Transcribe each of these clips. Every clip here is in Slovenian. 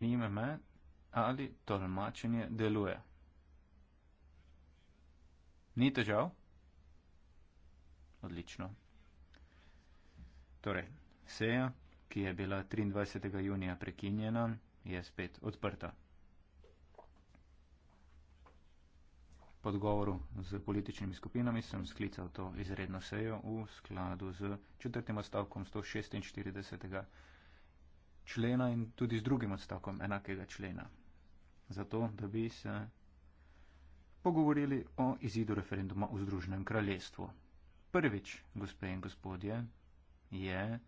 Zanima me, ali tolmačenje deluje. Ni težav? Odlično. Torej, seja, ki je bila 23. junija prekinjena, je spet odprta. Po odgovoru z političnimi skupinami sem sklical to izredno sejo v skladu z četrtim odstavkom 146 člena in tudi z drugim odstavkom enakega člena. Zato, da bi se pogovorili o izidu referenduma v Združenem kraljestvu. Prvič, gospe in gospodje, je,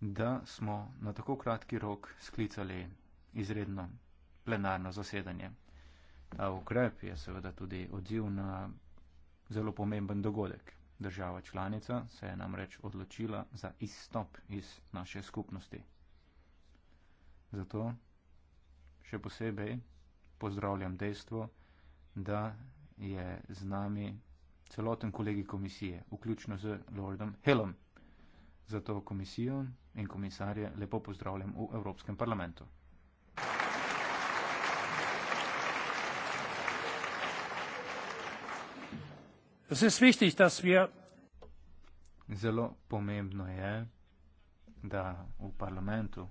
da smo na tako kratki rok sklicali izredno plenarno zasedanje. Ta ukrep je seveda tudi odziv na zelo pomemben dogodek, Država članica se je namreč odločila za izstop iz naše skupnosti. Zato še posebej pozdravljam dejstvo, da je z nami celoten kolegi komisije, vključno z Lordom Hillom. Zato komisijo in komisarje lepo pozdravljam v Evropskem parlamentu. Zelo pomembno je, da v parlamentu,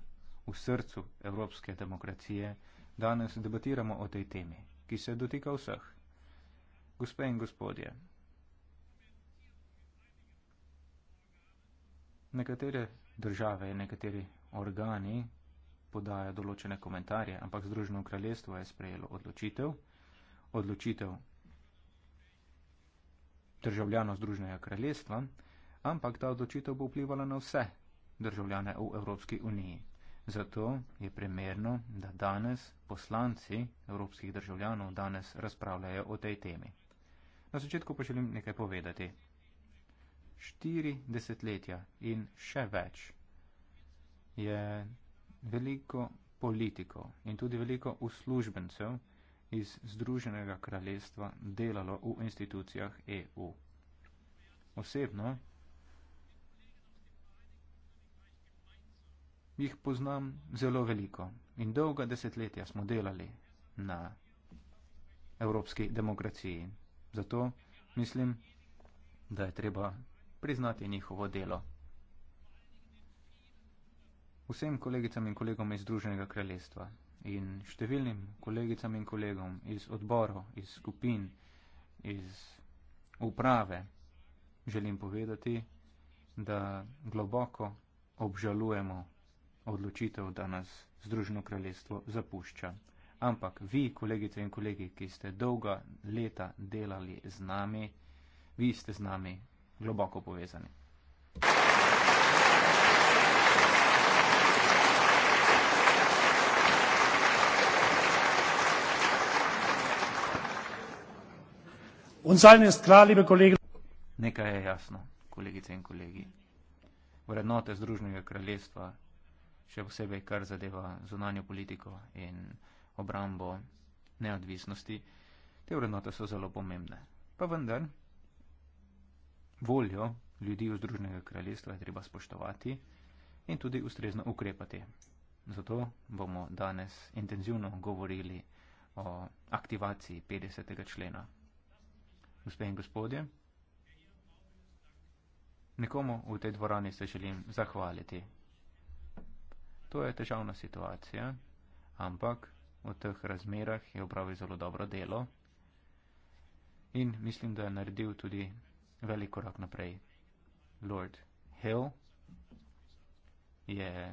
v srcu evropske demokracije, danes debatiramo o tej temi, ki se dotika vseh. Gospe in gospodje, nekatere države, nekateri organi podajo določene komentarje, ampak Združeno kraljestvo je sprejelo odločitev, odločitev državljanov Združenega kraljestva, ampak ta odločitev bo vplivala na vse državljane v Evropski uniji. Zato je primerno, da danes poslanci evropskih državljanov danes razpravljajo o tej temi. Na začetku pa želim nekaj povedati. Štiri desetletja in še več je veliko politikov in tudi veliko uslužbencev, iz Združenega kraljestva delalo v institucijah EU. Osebno jih poznam zelo veliko in dolga desetletja smo delali na evropski demokraciji. Zato mislim, da je treba priznati njihovo delo. Vsem kolegicam in kolegom iz Združenega kraljestva, in številnim kolegicam in kolegom iz odborov, iz skupin, iz uprave želim povedati, da globoko obžalujemo odločitev, da nas Združeno kraljestvo zapušča. Ampak vi, kolegice in kolegi, ki ste dolga leta delali z nami, vi ste z nami globoko povezani. Nekaj je jasno, kolegice in kolegi. Vrednote Združenega kraljestva, še posebej kar zadeva zunanjo politiko in obrambo neodvisnosti, te vrednote so zelo pomembne. Pa vendar, voljo ljudi Združenega kraljestva je treba spoštovati in tudi ustrezno ukrepati. Zato bomo danes intenzivno govorili o aktivaciji 50. člena gospe in gospodje. Nekomu v tej dvorani se želim zahvaliti. To je težavna situacija, ampak v teh razmerah je upravil zelo dobro delo in mislim, da je naredil tudi velik korak naprej. Lord Hill je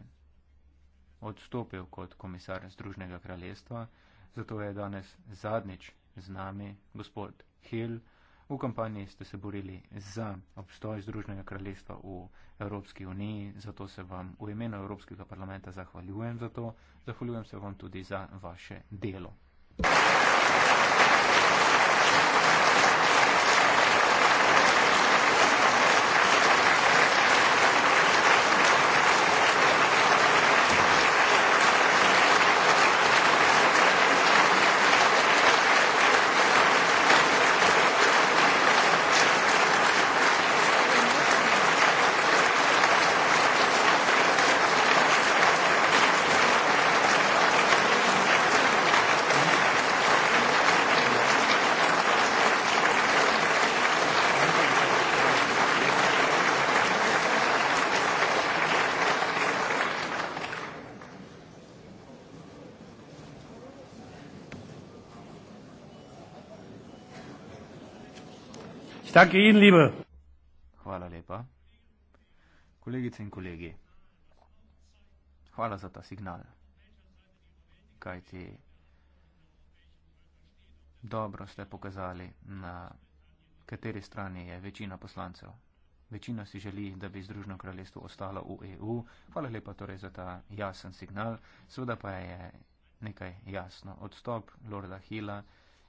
odstopil kot komisar Združnega kraljestva, zato je danes zadnjič z nami gospod Hill. V kampanji ste se borili za obstoj Združenega kraljestva v Evropski uniji, zato se vam v imenu Evropskega parlamenta zahvaljujem za to, zahvaljujem se vam tudi za vaše delo. danke Ihnen, liebe. Hvala lepa. Kolegice in kolegi, hvala za ta signal. Kaj ti dobro ste pokazali, na kateri strani je večina poslancev. Večina si želi, da bi Združeno kraljestvo ostalo v EU. Hvala lepa torej za ta jasen signal. Sveda pa je nekaj jasno. Odstop Lorda Hila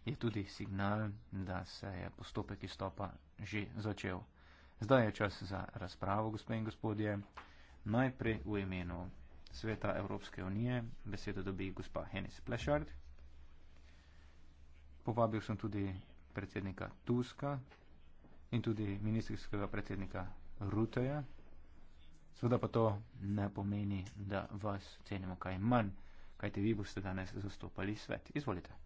je tudi signal, da se je postopek izstopa že začel. Zdaj je čas za razpravo, gospe in gospodje. Najprej v imenu Sveta Evropske unije besedo dobi gospa Henis Plešard. Povabil sem tudi predsednika Tuska in tudi ministrskega predsednika Ruteja. Sveda pa to ne pomeni, da vas cenimo kaj manj, kajte vi boste danes zastopali svet. Izvolite.